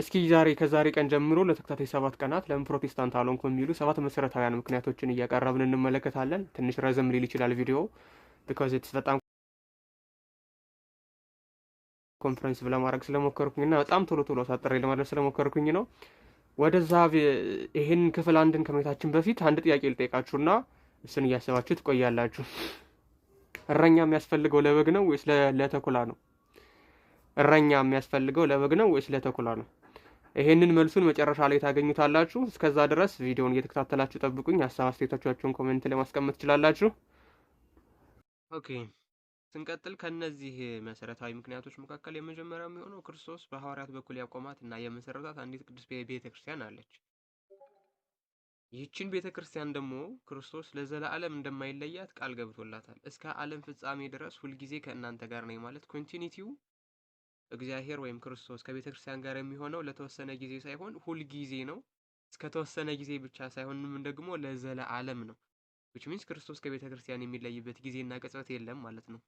እስኪ ዛሬ ከዛሬ ቀን ጀምሮ ለተከታታይ ሰባት ቀናት ለምን ፕሮቴስታንት አልሆንኩም የሚሉ ሰባት መሰረታዊያን ምክንያቶችን እያቀረብን እንመለከታለን። ትንሽ ረዘም ሊል ይችላል ቪዲዮ ቢካዝ ኢትስ በጣም ኮንፈረንስ ለማድረግ ስለሞከርኩኝ እና በጣም ቶሎ ቶሎ ሳጥሬ ለማድረግ ስለሞከርኩኝ ነው። ወደዛ ይሄን ክፍል አንድን ከመታችን በፊት አንድ ጥያቄ ልጠይቃችሁና እሱን እያሰባችሁ ትቆያላችሁ። እረኛ የሚያስፈልገው ለበግ ነው ወይስ ለተኩላ ነው? እረኛ የሚያስፈልገው ለበግ ነው ወይስ ለተኩላ ነው? ይሄንን መልሱን መጨረሻ ላይ ታገኙታላችሁ። እስከዛ ድረስ ቪዲዮውን እየተከታተላችሁ ጠብቁኝ። ሀሳብ አስተያየቶቻችሁን ኮሜንት ላይ ማስቀመጥ ትችላላችሁ። ኦኬ ስንቀጥል ከነዚህ መሰረታዊ ምክንያቶች መካከል የመጀመሪያው የሚሆነው ክርስቶስ በሐዋርያት በኩል ያቆማት እና የመሰረታት አንዲት ቅዱስ ቤተ ክርስቲያን አለች። ይህችን ቤተ ክርስቲያን ደግሞ ክርስቶስ ለዘላለም እንደማይለያት ቃል ገብቶላታል። እስከ ዓለም ፍጻሜ ድረስ ሁልጊዜ ከእናንተ ጋር ነኝ ማለት ኮንቲኒቲው እግዚአብሔር ወይም ክርስቶስ ከቤተ ክርስቲያን ጋር የሚሆነው ለተወሰነ ጊዜ ሳይሆን ሁል ጊዜ ነው። እስከተወሰነ ጊዜ ብቻ ሳይሆንም ደግሞ ለዘለ ዓለም ነው። ዊች ሚንስ ክርስቶስ ከቤተ ክርስቲያን የሚለይበት ጊዜና ቅጽበት የለም ማለት ነው።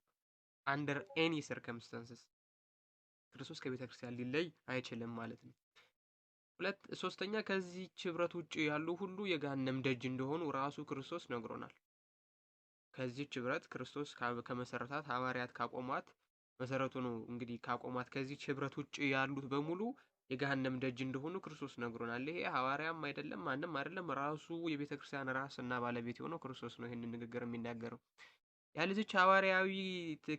አንደር ኤኒ ሰርከምስታንስስ ክርስቶስ ከቤተ ክርስቲያን ሊለይ አይችልም ማለት ነው። ሁለት ሶስተኛ ከዚህ ህብረት ውጭ ያሉ ሁሉ የገሃነም ደጅ እንደሆኑ ራሱ ክርስቶስ ነግሮናል። ከዚህ ህብረት ክርስቶስ ከመሰረታት ሐዋርያት ካቆሟት መሰረቱ ነው። እንግዲህ ካቆማት ከዚህ ህብረት ውጭ ያሉት በሙሉ የገሃነም ደጅ እንደሆኑ ክርስቶስ ነግሮናል። ይሄ ሐዋርያም አይደለም ማንም አይደለም፣ ራሱ የቤተ ክርስቲያን ራስ እና ባለቤት የሆነው ክርስቶስ ነው ይህንን ንግግር የሚናገረው። ያለዚች ሐዋርያዊ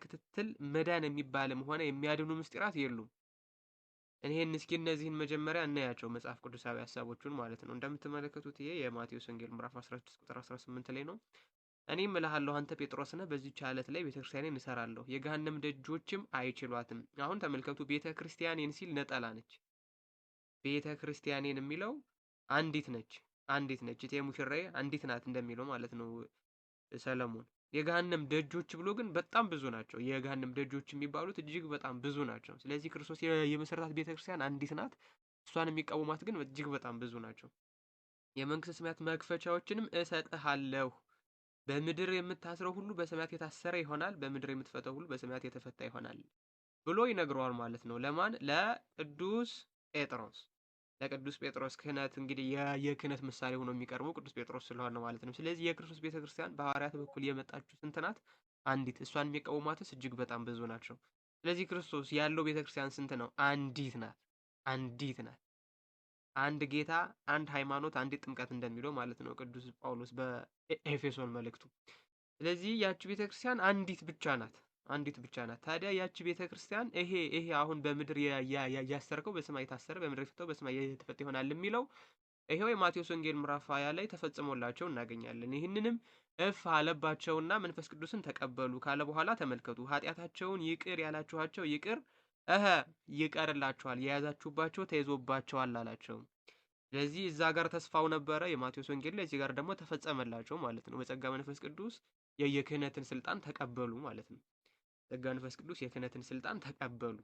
ክትትል መዳን የሚባልም ሆነ የሚያድኑ ምስጢራት የሉም። እኔህን እስኪ እነዚህን መጀመሪያ እናያቸው መጽሐፍ ቅዱሳዊ ሀሳቦቹን ማለት ነው። እንደምትመለከቱት ይሄ የማቴዎስ ወንጌል ምዕራፍ 16 ቁጥር 18 ላይ ነው። እኔም እልሃለሁ አንተ ጴጥሮስ ነህ፣ በዚች ዓለት ላይ ቤተ ክርስቲያኔን እሰራለሁ፣ የገሃነም ደጆችም አይችሏትም። አሁን ተመልከቱ፣ ቤተ ክርስቲያኔን ሲል ነጠላ ነች። ቤተ ክርስቲያኔን የሚለው አንዲት ነች፣ አንዲት ነች። እቴ ሙሽራዬ አንዲት ናት እንደሚለው ማለት ነው ሰለሞን። የገሃነም ደጆች ብሎ ግን በጣም ብዙ ናቸው። የገሃነም ደጆች የሚባሉት እጅግ በጣም ብዙ ናቸው። ስለዚህ ክርስቶስ የመሰረታት ቤተ ክርስቲያን አንዲት ናት። እሷን የሚቃወማት ግን እጅግ በጣም ብዙ ናቸው። የመንግስት ሰማያት መክፈቻዎችንም እሰጥሃለሁ በምድር የምታስረው ሁሉ በሰማያት የታሰረ ይሆናል፣ በምድር የምትፈተው ሁሉ በሰማያት የተፈታ ይሆናል ብሎ ይነግረዋል ማለት ነው። ለማን? ለቅዱስ ጴጥሮስ። ለቅዱስ ጴጥሮስ ክህነት እንግዲህ የክህነት ምሳሌ ሆኖ የሚቀርበው ቅዱስ ጴጥሮስ ስለሆነ ማለት ነው። ስለዚህ የክርስቶስ ቤተ ክርስቲያን በሐዋርያት በኩል የመጣችው ስንት ናት? አንዲት። እሷን የሚቃወሟትስ እጅግ በጣም ብዙ ናቸው። ስለዚህ ክርስቶስ ያለው ቤተ ክርስቲያን ስንት ነው? አንዲት ናት። አንዲት ናት። አንድ ጌታ፣ አንድ ሃይማኖት፣ አንዲት ጥምቀት እንደሚለው ማለት ነው ቅዱስ ጳውሎስ በኤፌሶን መልእክቱ። ስለዚህ ያቺ ቤተክርስቲያን አንዲት ብቻ ናት፣ አንዲት ብቻ ናት። ታዲያ ያቺ ቤተክርስቲያን ይሄ ይሄ አሁን በምድር ያሰርከው በሰማይ የታሰረ በምድር የፈታው በሰማይ የተፈታ ይሆናል የሚለው ይሄው የማቴዎስ ወንጌል ምዕራፍ 20 ላይ ተፈጽሞላቸው እናገኛለን። ይህንንም እፍ አለባቸውና መንፈስ ቅዱስን ተቀበሉ ካለ በኋላ ተመልከቱ፣ ኃጢአታቸውን ይቅር ያላችኋቸው ይቅር እህ ይቀርላችኋል፣ የያዛችሁባቸው ተይዞባቸዋል አላቸው። ስለዚህ እዛ ጋር ተስፋው ነበረ የማቴዎስ ወንጌል ላይ እዚህ ጋር ደግሞ ተፈጸመላቸው ማለት ነው። በጸጋ መንፈስ ቅዱስ የክህነትን ስልጣን ተቀበሉ ማለት ነው። ጸጋ መንፈስ ቅዱስ የክህነትን ስልጣን ተቀበሉ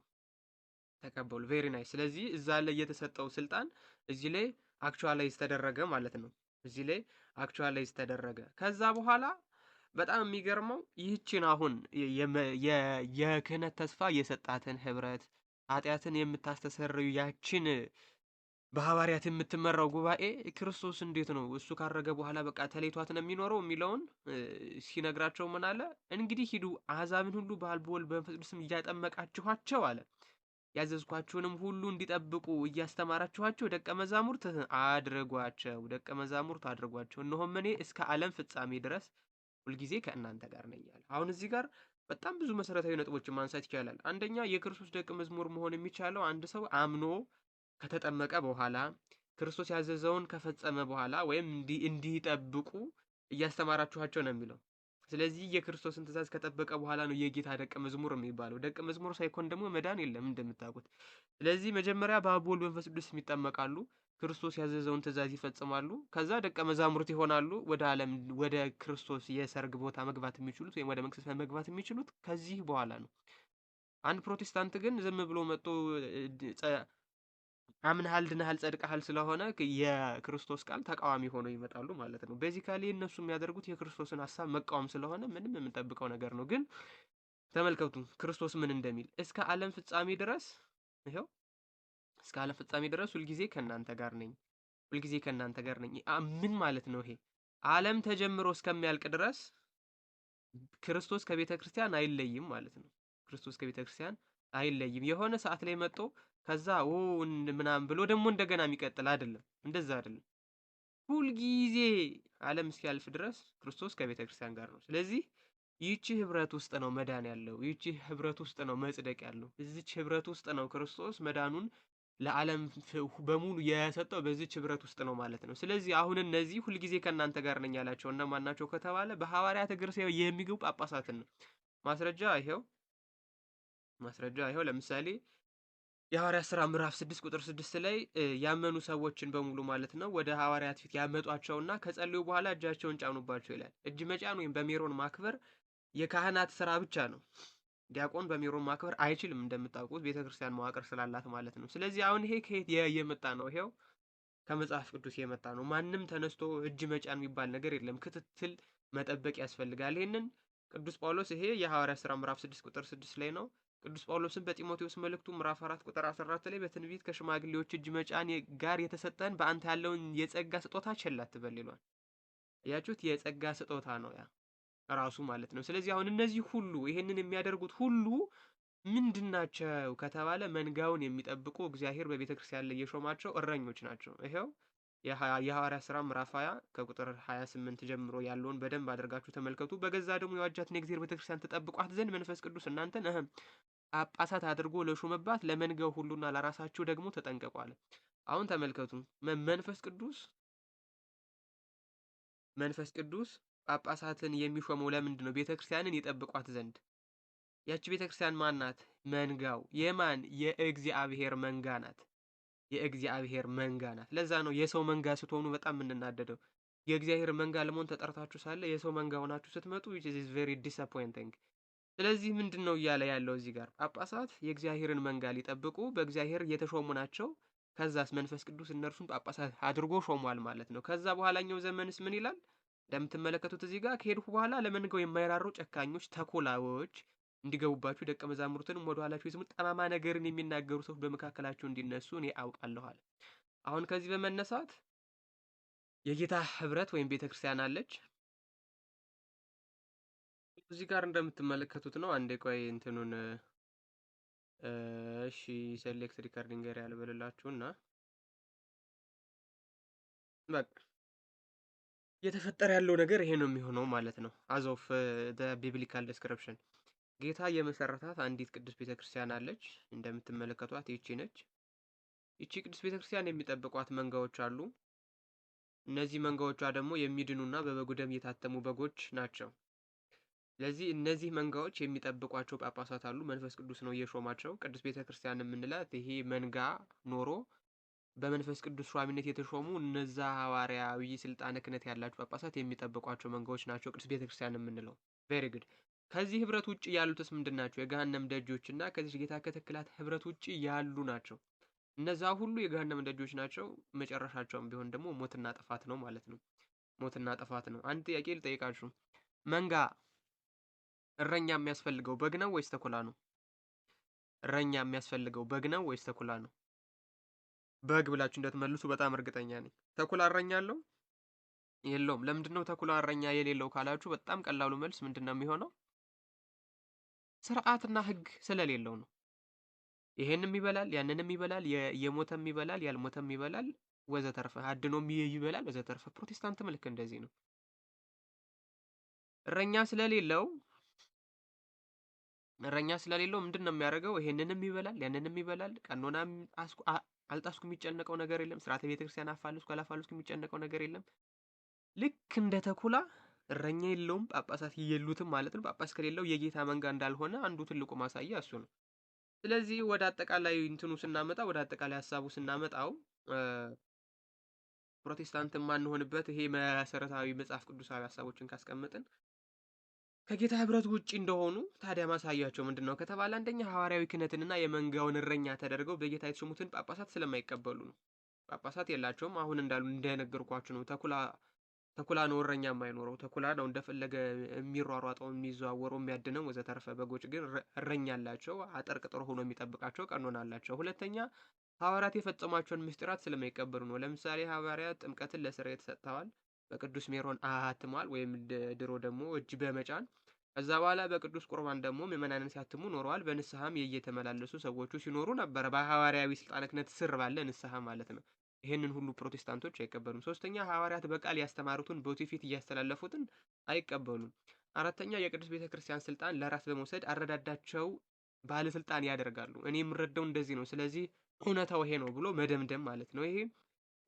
ተቀበሉ። ቬሪ ናይስ። ስለዚህ እዛ ላይ የተሰጠው ስልጣን እዚህ ላይ አክቹዋላይዝ ተደረገ ማለት ነው። እዚህ ላይ አክቹዋላይዝ ተደረገ ከዛ በኋላ በጣም የሚገርመው ይህችን አሁን የክህነት ተስፋ የሰጣትን ህብረት ኃጢአትን የምታስተሰርዩ ያችን በሐዋርያት የምትመራው ጉባኤ ክርስቶስ እንዴት ነው እሱ ካረገ በኋላ በቃ ተለይቷት ነው የሚኖረው የሚለውን ሲነግራቸው ምን አለ? እንግዲህ ሂዱ አሕዛብን ሁሉ በአብ በወልድ በመንፈስ ቅዱስም እያጠመቃችኋቸው አለ ያዘዝኳችሁንም ሁሉ እንዲጠብቁ እያስተማራችኋቸው ደቀ መዛሙርት አድርጓቸው፣ ደቀ መዛሙርት አድርጓቸው። እነሆም እኔ እስከ ዓለም ፍጻሜ ድረስ ሁልጊዜ ከእናንተ ጋር ነኝ አለ። አሁን እዚህ ጋር በጣም ብዙ መሰረታዊ ነጥቦችን ማንሳት ይቻላል። አንደኛ የክርስቶስ ደቀ መዝሙር መሆን የሚቻለው አንድ ሰው አምኖ ከተጠመቀ በኋላ ክርስቶስ ያዘዘውን ከፈጸመ በኋላ ወይም እንዲጠብቁ እያስተማራችኋቸው ነው የሚለው። ስለዚህ የክርስቶስን ትእዛዝ ከጠበቀ በኋላ ነው የጌታ ደቀ መዝሙር የሚባለው። ደቀ መዝሙር ሳይኮን ደግሞ መዳን የለም እንደምታውቁት። ስለዚህ መጀመሪያ በአብ ወልድ መንፈስ ቅዱስ የሚጠመቃሉ። ክርስቶስ ያዘዘውን ትእዛዝ ይፈጽማሉ። ከዛ ደቀ መዛሙርት ይሆናሉ። ወደ ዓለም ወደ ክርስቶስ የሰርግ ቦታ መግባት የሚችሉት ወይም ወደ መንግስት መግባት የሚችሉት ከዚህ በኋላ ነው። አንድ ፕሮቴስታንት ግን ዝም ብሎ መጥቶ አምንሃል፣ ድነሃል፣ ጸድቀሃል ስለሆነ የክርስቶስ ቃል ተቃዋሚ ሆኖ ይመጣሉ ማለት ነው። ቤዚካሊ እነሱ የሚያደርጉት የክርስቶስን ሀሳብ መቃወም ስለሆነ ምንም የምንጠብቀው ነገር ነው። ግን ተመልከቱ ክርስቶስ ምን እንደሚል እስከ ዓለም ፍጻሜ ድረስ ይኸው እስከ ዓለም ፍጻሜ ድረስ ሁልጊዜ ከእናንተ ጋር ነኝ፣ ሁልጊዜ ከእናንተ ጋር ነኝ። ምን ማለት ነው ይሄ? ዓለም ተጀምሮ እስከሚያልቅ ድረስ ክርስቶስ ከቤተ ክርስቲያን አይለይም ማለት ነው። ክርስቶስ ከቤተ ክርስቲያን አይለይም። የሆነ ሰዓት ላይ መጥቶ ከዛ ኦ ምናምን ብሎ ደግሞ እንደገና የሚቀጥል አይደለም። እንደዛ አይደለም። ሁልጊዜ ዓለም እስኪያልፍ ድረስ ክርስቶስ ከቤተ ክርስቲያን ጋር ነው። ስለዚህ ይቺ ህብረት ውስጥ ነው መዳን ያለው። ይቺ ህብረት ውስጥ ነው መጽደቅ ያለው። እዚች ህብረት ውስጥ ነው ክርስቶስ መዳኑን ለዓለም በሙሉ የሰጠው በዚች ህብረት ውስጥ ነው ማለት ነው። ስለዚህ አሁን እነዚህ ሁልጊዜ ከእናንተ ጋር ነኝ ያላቸው እነማን ናቸው ከተባለ በሐዋርያት እግር ስር የሚገቡ ጳጳሳትን ነው። ማስረጃ ይኸው ማስረጃ ይኸው ለምሳሌ የሐዋርያት ስራ ምዕራፍ 6 ቁጥር 6 ላይ ያመኑ ሰዎችን በሙሉ ማለት ነው ወደ ሐዋርያት ፊት ያመጧቸውና ከጸልዩ በኋላ እጃቸውን ጫኑባቸው ይላል። እጅ መጫን ወይም በሜሮን ማክበር የካህናት ስራ ብቻ ነው። ዲያቆን በሜሮን ማክበር አይችልም። እንደምታውቁት ቤተክርስቲያን መዋቅር ስላላት ማለት ነው። ስለዚህ አሁን ይሄ ከየት የመጣ ነው? ይሄው ከመጽሐፍ ቅዱስ የመጣ ነው። ማንም ተነስቶ እጅ መጫን የሚባል ነገር የለም። ክትትል መጠበቅ ያስፈልጋል። ይህንን ቅዱስ ጳውሎስ ይሄ የሐዋርያ ሥራ ምዕራፍ 6 ቁጥር 6 ላይ ነው። ቅዱስ ጳውሎስን በጢሞቴዎስ መልእክቱ ምዕራፍ 4 ቁጥር 14 ላይ በትንቢት ከሽማግሌዎች እጅ መጫን ጋር የተሰጠን በአንተ ያለውን የጸጋ ስጦታ ቸል አትበል ይሏል። እያችሁት የጸጋ ስጦታ ነው ያ ራሱ ማለት ነው። ስለዚህ አሁን እነዚህ ሁሉ ይሄንን የሚያደርጉት ሁሉ ምንድን ናቸው ከተባለ መንጋውን የሚጠብቁ እግዚአብሔር በቤተ ክርስቲያን ላይ የሾማቸው እረኞች ናቸው። ይኸው የሐዋርያ ሥራ ምዕራፍ 20 ከቁጥር 28 ጀምሮ ያለውን በደንብ አድርጋችሁ ተመልከቱ። በገዛ ደግሞ የዋጃትን የእግዚአብሔር ቤተ ክርስቲያን ተጠብቋት ዘንድ መንፈስ ቅዱስ እናንተን እህም ጳጳሳት አድርጎ ለሾመባት ለመንጋው ሁሉና ለራሳችሁ ደግሞ ተጠንቀቁ አለ። አሁን ተመልከቱ መንፈስ ቅዱስ መንፈስ ቅዱስ ጳጳሳትን የሚሾመው ለምንድን ነው? ቤተ ክርስቲያንን የጠብቋት ዘንድ። ያቺ ቤተ ክርስቲያን ማን ናት? መንጋው። የማን የእግዚአብሔር መንጋ ናት። የእግዚአብሔር መንጋ ናት። ለዛ ነው የሰው መንጋ ስትሆኑ በጣም የምንናደደው። የእግዚአብሔር መንጋ ለመሆን ተጠርታችሁ ሳለ የሰው መንጋ ሆናችሁ ስትመጡ which is ስለዚህ ምንድን ነው እያለ ያለው እዚህ ጋር ጳጳሳት የእግዚአብሔርን መንጋ ሊጠብቁ በእግዚአብሔር የተሾሙ ናቸው። ከዛስ መንፈስ ቅዱስ እነርሱን ጳጳሳት አድርጎ ሾሟል ማለት ነው። ከዛ በኋላኛው ዘመንስ ምን ይላል? እንደምትመለከቱት እዚህ ጋር ከሄድኩ በኋላ ለመንጋው የማይራሩ ጨካኞች ተኮላዎች እንዲገቡባችሁ ደቀ መዛሙርትንም ወደ ኋላችሁ ይስሙ፣ ጠማማ ነገርን የሚናገሩ ሰዎች በመካከላቸው እንዲነሱ እኔ አውቃለኋል። አሁን ከዚህ በመነሳት የጌታ ህብረት ወይም ቤተ ክርስቲያን አለች። እዚህ ጋር እንደምትመለከቱት ነው። አንዴ ቆይ እንትኑን እሺ፣ ሴሌክት ሪከርዲንግ ያልበልላችሁና በቃ እየተፈጠረ ያለው ነገር ይሄ ነው የሚሆነው ማለት ነው። አዞፍ ቢብሊካል ዲስክሪፕሽን ጌታ የመሰረታት አንዲት ቅዱስ ቤተክርስቲያን አለች። እንደምትመለከቷት ይቺ ነች። ይቺ ቅዱስ ቤተክርስቲያን የሚጠብቋት መንጋዎች አሉ። እነዚህ መንጋዎቿ ደግሞ የሚድኑና በበጉ ደም የታተሙ በጎች ናቸው። ለዚህ እነዚህ መንጋዎች የሚጠብቋቸው ጳጳሳት አሉ። መንፈስ ቅዱስ ነው እየሾማቸው። ቅዱስ ቤተክርስቲያን የምንላት ይሄ መንጋ ኖሮ በመንፈስ ቅዱስ ሿሚነት የተሾሙ እነዛ ሐዋርያዊ ስልጣነ ክህነት ያላቸው ጳጳሳት የሚጠብቋቸው መንጋዎች ናቸው ቅዱስ ቤተ ክርስቲያን የምንለው። ቬሪ ግድ። ከዚህ ህብረት ውጭ ያሉትስ ምንድን ናቸው? የገሃነም ደጆችና ከዚህ ጌታ ከተክላት ህብረት ውጭ ያሉ ናቸው። እነዛ ሁሉ የገሃነም ደጆች ናቸው። መጨረሻቸውም ቢሆን ደግሞ ሞትና ጥፋት ነው ማለት ነው። ሞትና ጥፋት ነው። አንድ ጥያቄ ልጠይቃችሁ። መንጋ እረኛ የሚያስፈልገው በግ ነው ወይስ ተኩላ ነው? እረኛ የሚያስፈልገው በግ ነው ወይስ ተኩላ ነው? በግ ብላችሁ እንደትመልሱ በጣም እርግጠኛ ነኝ። ተኩላ እረኛ አለው የለውም? ለምንድን ነው ተኩላ እረኛ የሌለው ካላችሁ በጣም ቀላሉ መልስ ምንድን ነው የሚሆነው? ስርዓትና ህግ ስለሌለው ነው። ይሄንም ይበላል፣ ያንንም ይበላል፣ የሞተም ይበላል፣ ያልሞተም ይበላል ወዘተርፈ አድኖም ይበላል ወዘተርፈ። ፕሮቴስታንትም ልክ እንደዚህ ነው። እረኛ ስለሌለው እረኛ ስለሌለው ምንድን ነው የሚያደርገው? ይሄንንም ይበላል፣ ያንንም ይበላል፣ ቀኖና አልጣስኩ የሚጨነቀው ነገር የለም። ስርዓተ ቤተ ክርስቲያን አፋልስኩ አላፋልስኩ የሚጨነቀው ነገር የለም። ልክ እንደ ተኩላ እረኛ የለውም፣ ጳጳሳት የሉትም ማለት ነው። ጳጳስ ከሌለው የጌታ መንጋ እንዳልሆነ አንዱ ትልቁ ማሳያ እሱ ነው። ስለዚህ ወደ አጠቃላይ እንትኑ ስናመጣ ወደ አጠቃላይ ሀሳቡ ስናመጣው ፕሮቴስታንት የማንሆንበት ይሄ መሰረታዊ መጽሐፍ ቅዱሳዊ ሀሳቦችን ካስቀምጥን ከጌታ ህብረት ውጭ እንደሆኑ ታዲያ ማሳያቸው ምንድን ነው ከተባለ አንደኛ ሐዋርያዊ ክህነትንና የመንጋውን እረኛ ተደርገው በጌታ የተሾሙትን ጳጳሳት ስለማይቀበሉ ነው። ጳጳሳት የላቸውም። አሁን እንዳሉ እንደነገርኳችሁ ነው። ተኩላ ተኩላ ነው እረኛ የማይኖረው። ተኩላ ነው እንደፈለገ የሚሯሯጠው፣ የሚዘዋወረው፣ የሚያድነው ወዘተረፈ። በጎች ግን እረኛ አላቸው፣ ቅጥር ሆኖ የሚጠብቃቸው ቀኖና አላቸው። ሁለተኛ ሐዋርያት የፈጸሟቸውን ምስጢራት ስለማይቀበሉ ነው። ለምሳሌ ሐዋርያት ጥምቀትን ለስርየት ሰጥተዋል። በቅዱስ ሜሮን አህትሟል ወይም ድሮ ደግሞ እጅ በመጫን ከዛ በኋላ በቅዱስ ቁርባን ደግሞ ምእመናንን ሲያትሙ ኖረዋል። በንስሐም እየተመላለሱ ሰዎቹ ሲኖሩ ነበረ፣ በሐዋርያዊ ስልጣነክነት ስር ባለ ንስሐ ማለት ነው። ይህንን ሁሉ ፕሮቴስታንቶች አይቀበሉም። ሶስተኛ ሐዋርያት በቃል ያስተማሩትን በትውፊት እያስተላለፉትን አይቀበሉም። አራተኛ የቅዱስ ቤተ ክርስቲያን ስልጣን ለራስ በመውሰድ አረዳዳቸው ባለስልጣን ያደርጋሉ። እኔ የምረዳው እንደዚህ ነው፣ ስለዚህ እውነታው ይሄ ነው ብሎ መደምደም ማለት ነው ይሄ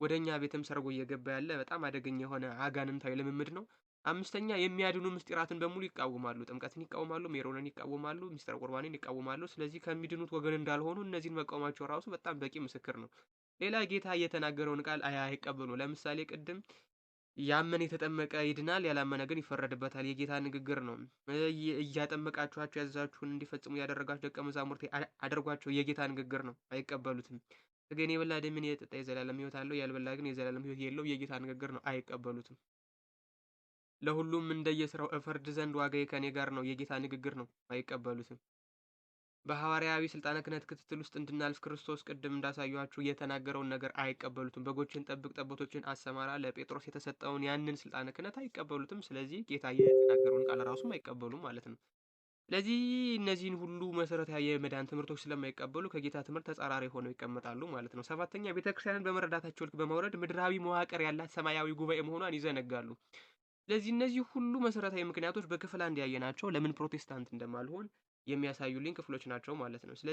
ወደ እኛ ቤትም ሰርጎ እየገባ ያለ በጣም አደገኛ የሆነ አጋንንታዊ ልምምድ ነው። አምስተኛ የሚያድኑ ምስጢራትን በሙሉ ይቃወማሉ። ጥምቀትን ይቃወማሉ፣ ሜሮንን ይቃወማሉ፣ ሚስተር ቁርባንን ይቃወማሉ። ስለዚህ ከሚድኑት ወገን እንዳልሆኑ እነዚህን መቃወማቸው ራሱ በጣም በቂ ምስክር ነው። ሌላ ጌታ እየተናገረውን ቃል አይቀበሉ። ለምሳሌ ቅድም ያመን የተጠመቀ ይድናል፣ ያላመነ ግን ይፈረድበታል የጌታ ንግግር ነው። እያጠመቃችኋቸው ያዘዛችሁን እንዲፈጽሙ ያደረጋችሁ ደቀ መዛሙርት አድርጓቸው የጌታ ንግግር ነው። አይቀበሉትም። ግን የበላ ደሜን የጠጣ የዘላለም ሕይወት አለው፣ ያልበላ ግን የዘላለም ሕይወት የለው። የጌታ ንግግር ነው፣ አይቀበሉትም። ለሁሉም እንደየስራው እፈርድ ዘንድ ዋጋዬ ከኔ ጋር ነው። የጌታ ንግግር ነው፣ አይቀበሉትም። በሐዋርያዊ ስልጣነ ክህነት ክትትል ውስጥ እንድናልፍ ክርስቶስ ቅድም እንዳሳያችሁ የተናገረውን ነገር አይቀበሉትም። በጎችን ጠብቅ፣ ጠቦቶችን አሰማራ ለጴጥሮስ የተሰጠውን ያንን ስልጣነ ክህነት አይቀበሉትም። ስለዚህ ጌታ የተናገረውን ቃል ራሱም አይቀበሉም ማለት ነው። ስለዚህ እነዚህን ሁሉ መሰረታዊ የመዳን ትምህርቶች ስለማይቀበሉ ከጌታ ትምህርት ተጻራሪ ሆነው ይቀመጣሉ ማለት ነው። ሰባተኛ ቤተክርስቲያንን በመረዳታቸው ልክ በማውረድ ምድራዊ መዋቅር ያላት ሰማያዊ ጉባኤ መሆኗን ይዘነጋሉ። ስለዚህ እነዚህ ሁሉ መሰረታዊ ምክንያቶች በክፍል አንድ ያየናቸው ለምን ፕሮቴስታንት እንደማልሆን የሚያሳዩልኝ ክፍሎች ናቸው ማለት ነው። ስለዚህ